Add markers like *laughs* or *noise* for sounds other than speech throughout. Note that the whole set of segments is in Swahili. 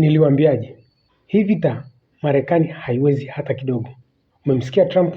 niliwaambiaje? Hii vita Marekani haiwezi hata kidogo. Umemsikia Trump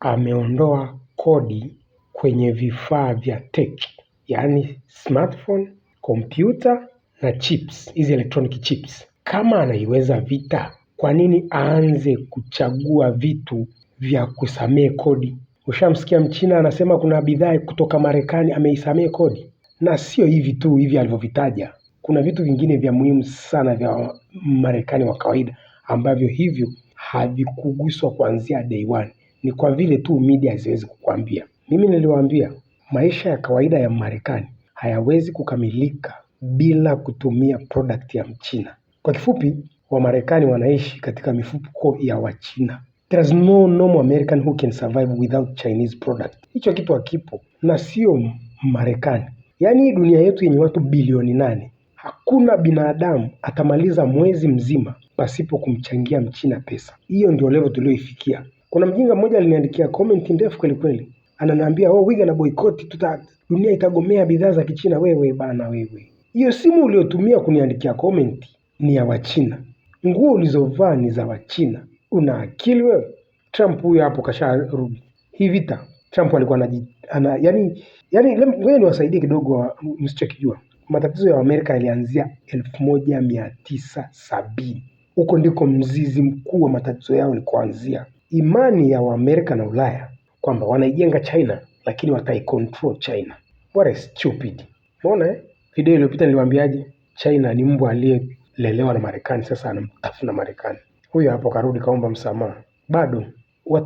ameondoa kodi kwenye vifaa vya tech, yaani smartphone, kompyuta na chips, hizi electronic chips. Kama anaiweza vita, kwa nini aanze kuchagua vitu vya kusamehe kodi? Ushamsikia Mchina anasema kuna bidhaa kutoka Marekani ameisamehe kodi, na sio hivi tu hivi alivyovitaja kuna vitu vingine vya muhimu sana vya Marekani wa kawaida ambavyo hivyo havikuguswa kuanzia day one. Ni kwa vile tu media haziwezi kukuambia. Mimi niliwaambia maisha ya kawaida ya Marekani hayawezi kukamilika bila kutumia product ya Mchina. Kwa kifupi, Wamarekani wanaishi katika mifuko ya Wachina. There is no normal American who can survive without Chinese product. Hicho kitu hakipo na sio Marekani. Yaani dunia yetu yenye watu bilioni nane Hakuna binadamu atamaliza mwezi mzima pasipo kumchangia mchina pesa. Hiyo ndio level tulioifikia. Kuna mjinga mmoja aliniandikia comment ndefu kweli kweli, ananiambia oh, wiga na boycott tuta dunia itagomea bidhaa za kichina. Wewe bana, wewe hiyo simu uliotumia kuniandikia comment ni ya Wachina, nguo ulizovaa ni za Wachina, una akili wewe? Trump huyo hapo kasharudi hii vita. Trump alikuwa anaji ana, yani, yani ngoja niwasaidie kidogo, msichokijua matatizo ya Amerika yalianzia elfu moja mia tisa sabini. Huko ndiko mzizi mkuu wa matatizo yao ulikoanzia. Imani ya Waamerika na Ulaya kwamba wanaijenga China lakini wataicontrol China. What a stupid. Unaona eh? Video iliyopita niliwaambiaje? China ni mbwa aliyelelewa na Marekani, sasa anamtafuna Marekani. Huyo hapo karudi kaomba msamaha bado. Wat...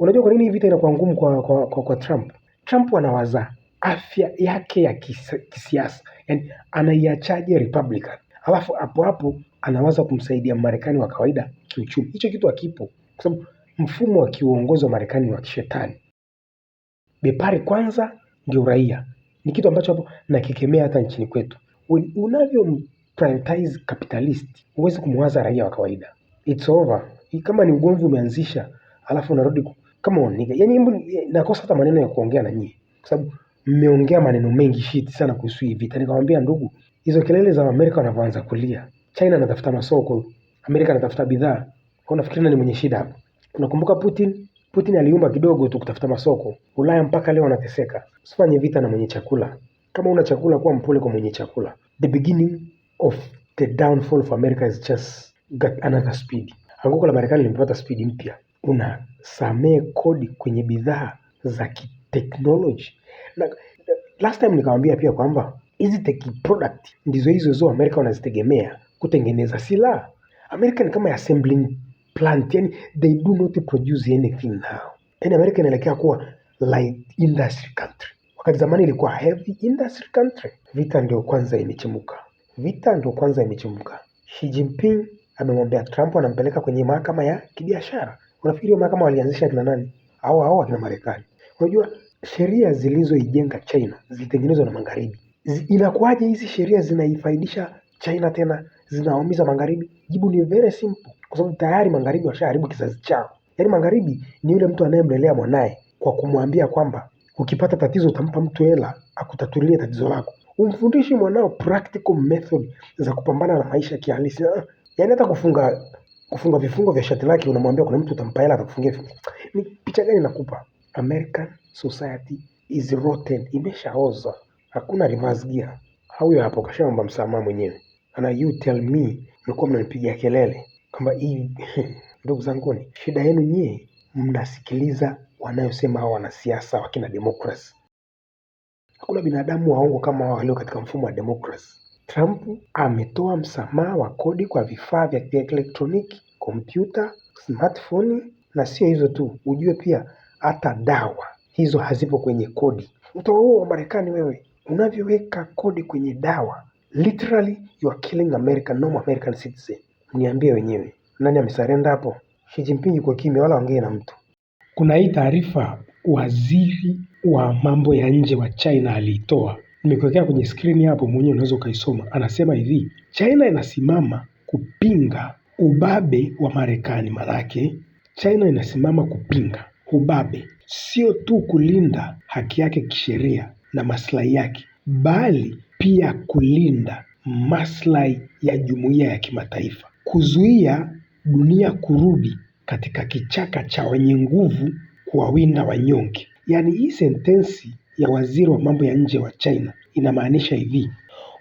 Unajua kwa nini hii vita inakuwa ngumu kwa, kwa, kwa, kwa Trump? Trump anawazaa afya yake ya kisiasa, yani anaiachaje Republican, alafu hapo hapo anawaza kumsaidia Marekani wa kawaida kiuchumi. Hicho kitu hakipo, kwa sababu mfumo wa kiuongozi wa Marekani ni wa kishetani. Bepari kwanza ndio raia, ni kitu ambacho hapo nakikemea hata nchini kwetu. Unavyo prioritize capitalist, huwezi kumwaza raia wa kawaida. It's over. Kama ni ugomvi umeanzisha, alafu unarudi kama oniga, yani nakosa hata maneno ya kuongea na nyie, kwa sababu mmeongea maneno mengi shit sana kuhusu hii vita. Nikamwambia ndugu, hizo kelele za Amerika wanavyoanza kulia, China anatafuta masoko, Amerika anatafuta bidhaa, kwa unafikiri nani mwenye shida hapo? Unakumbuka Putin? Putin aliumba kidogo tu kutafuta masoko. Ulaya mpaka leo anateseka. Usifanye vita na mwenye chakula. Kama una chakula, kuwa mpole kwa mwenye chakula. The beginning of the downfall of America is just got another speed. Anguko la Marekani limepata speed mpya. Unasamee kodi kwenye bidhaa za kiteknolojia Last time nikamwambia pia kwamba hizi tech product ndizo hizo zo Amerika wanazitegemea kutengeneza silaha. Amerika ni kama assembling plant, yani they do not produce anything now. Yani Amerika inaelekea kuwa light industry country, wakati zamani ilikuwa heavy industry country. Vita ndio kwanza imechemuka, vita ndio kwanza imechemuka. Xi Jinping amemwambia Trump anampeleka kwenye mahakama ya kibiashara. Unafikiri mahakama walianzisha kina nani? Au au akina Marekani. Unajua sheria zilizoijenga China zilitengenezwa na magharibi. Inakuwaje hizi sheria zinaifaidisha China tena zinaumiza magharibi? Jibu ni very simple, kwa sababu tayari magharibi washaharibu kizazi chao. Yaani magharibi ni yule mtu anayemlelea mwanaye kwa kumwambia kwamba ukipata tatizo utampa mtu hela akutatulie tatizo lako. Umfundishi mwanao practical method za kupambana na maisha kihalisi. Ah, yaani hata kufunga kufunga vifungo vya shati lake unamwambia kuna mtu utampa hela atakufungia. Ni picha gani nakupa? American society is rotten, imeshaoza, hakuna reverse gear. Huyo hapo kashaomba msamaha mwenyewe, ana you tell me, mlikuwa mnanipigia kelele kwamba hii *laughs* ndugu zanguni, shida yenu nyie, mnasikiliza wanayosema hao wanasiasa wakina demokrasi. Hakuna binadamu waongo kama hao walio katika mfumo wa demokrasi. Trump ametoa msamaha wa kodi kwa vifaa vya kielektroniki, kompyuta, smartphone na sio hizo tu, ujue pia hata dawa hizo hazipo kwenye kodi. Mtoro huo wa Marekani, wewe unavyoweka kodi kwenye dawa, literally you are killing American, normal American citizen. Niambie wenyewe nani amesarenda hapo? Xi Jinping kimya, wala ongee na mtu. Kuna hii taarifa waziri wa mambo ya nje wa China aliitoa, nimekuwekea kwenye skrini hapo, mwenyewe unaweza ukaisoma. Anasema hivi, China inasimama kupinga ubabe wa Marekani. Maanake China inasimama kupinga ubabe sio tu kulinda haki yake kisheria na maslahi yake, bali pia kulinda maslahi ya jumuiya ya kimataifa, kuzuia dunia kurudi katika kichaka cha wenye nguvu kuwawinda wanyonge. Yaani hii sentensi ya waziri wa mambo ya nje wa China inamaanisha hivi,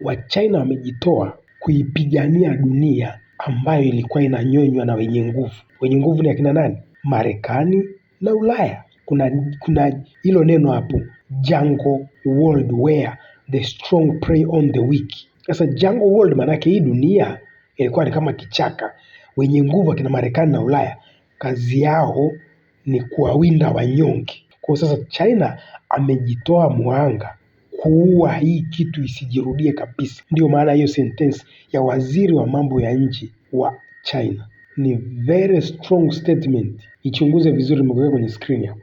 Wachina wamejitoa kuipigania dunia ambayo ilikuwa inanyonywa na wenye nguvu. Wenye nguvu ni akina nani? Marekani, la Ulaya kuna kuna hilo neno hapo Jungle World where the strong prey on the weak. Sasa Jungle World maana yake hii dunia ilikuwa ni kama kichaka, wenye nguvu akina Marekani na Ulaya kazi yao ni kuwawinda wanyonge. Kwa sasa China amejitoa mwanga kuua hii kitu isijirudie kabisa. Ndiyo maana hiyo sentensi ya waziri wa mambo ya nje wa China ni very strong statement. Ichunguze vizuri mwenyewe kwenye screen yako.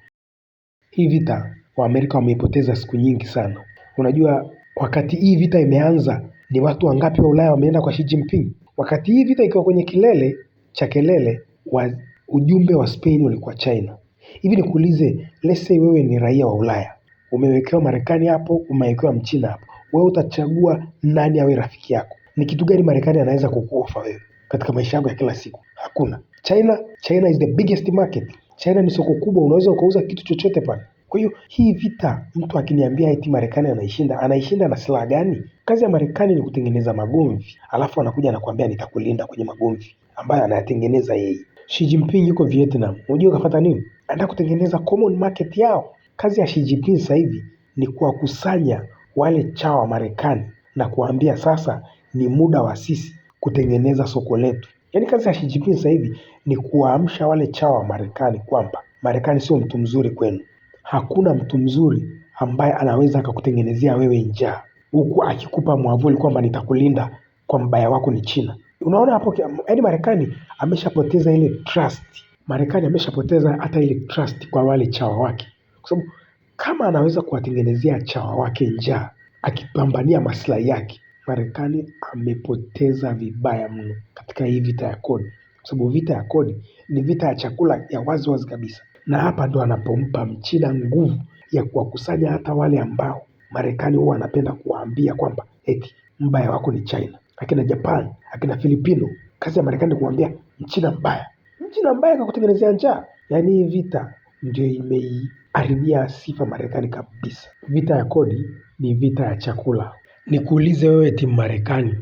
Hii vita Waamerika wameipoteza siku nyingi sana. Unajua wakati hii vita imeanza ni watu wangapi wa Ulaya wameenda kwa Xi Jinping? Wakati hii vita ikiwa kwenye kilele cha kelele wa, ujumbe wa Spain ulikuwa China. Hivi nikuulize, let's say wewe ni raia wa Ulaya, umewekewa Marekani hapo, umewekewa Mchina hapo, wewe utachagua nani awe rafiki yako? Ni kitu gani Marekani anaweza kukuofa wewe? katika maisha yangu ya kila siku? Hakuna. China, China is the biggest market. China ni soko kubwa, unaweza ukauza kitu chochote pale. Kwa hiyo hii vita, mtu akiniambia eti Marekani anaishinda, anaishinda na silaha gani? Kazi ya Marekani ni kutengeneza magomvi, alafu anakuja anakuambia nitakulinda kwenye magomvi ambayo anayatengeneza yeye. Xi Jinping yuko Vietnam, unajua kafata nini? Anataka kutengeneza common market yao. Kazi ya Xi Jinping sasa hivi ni kuwakusanya wale chawa Marekani na kuambia sasa ni muda wa sisi kutengeneza soko letu. Yaani kazi ya Xi Jinping sasa hivi ni kuwaamsha wale chawa wa Marekani kwamba Marekani sio mtu mzuri kwenu. Hakuna mtu mzuri ambaye anaweza akakutengenezea wewe njaa huku akikupa mwavuli kwamba nitakulinda kwa mbaya wako ni China. Unaona hapo, yaani Marekani ameshapoteza ile trust. Marekani ameshapoteza hata ile trust kwa wale chawa wake, kwa sababu kama anaweza kuwatengenezea chawa wake njaa akipambania maslahi yake, Marekani amepoteza vibaya mno katika hii vita ya kodi. Kwa sababu vita ya kodi ni vita ya chakula ya wazi wazi kabisa, na hapa ndo anapompa mchina nguvu ya kuwakusanya hata wale ambao Marekani huwa anapenda kuwaambia kwamba eti mbaya wako ni China, akina Japan, akina Filipino. Kazi ya Marekani ni kuambia mchina mbaya, mchina mbaya akakutengenezea njaa. Yaani hii vita ndio imeiharibia sifa Marekani kabisa. Vita ya kodi ni vita ya chakula. Nikuulize wewe timu Marekani,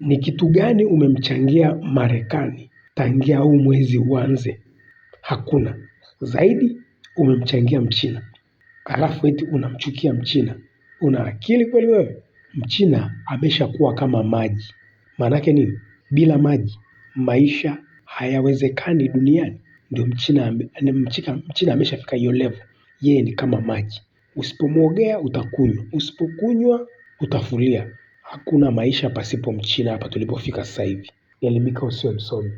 ni kitu gani umemchangia Marekani tangia huu mwezi uanze? Hakuna. Zaidi umemchangia Mchina, alafu eti unamchukia Mchina. Una akili kweli wewe? Mchina ameshakuwa kama maji. Maanake nini? Bila maji maisha hayawezekani duniani. Ndio Mchina, Mchina ameshafika hiyo level, yeye ni kama maji, usipomwogea utakunywa, usipokunywa Utafulia, hakuna maisha pasipo mchina hapa tulipofika sasa hivi. Elimika usiwe msomi.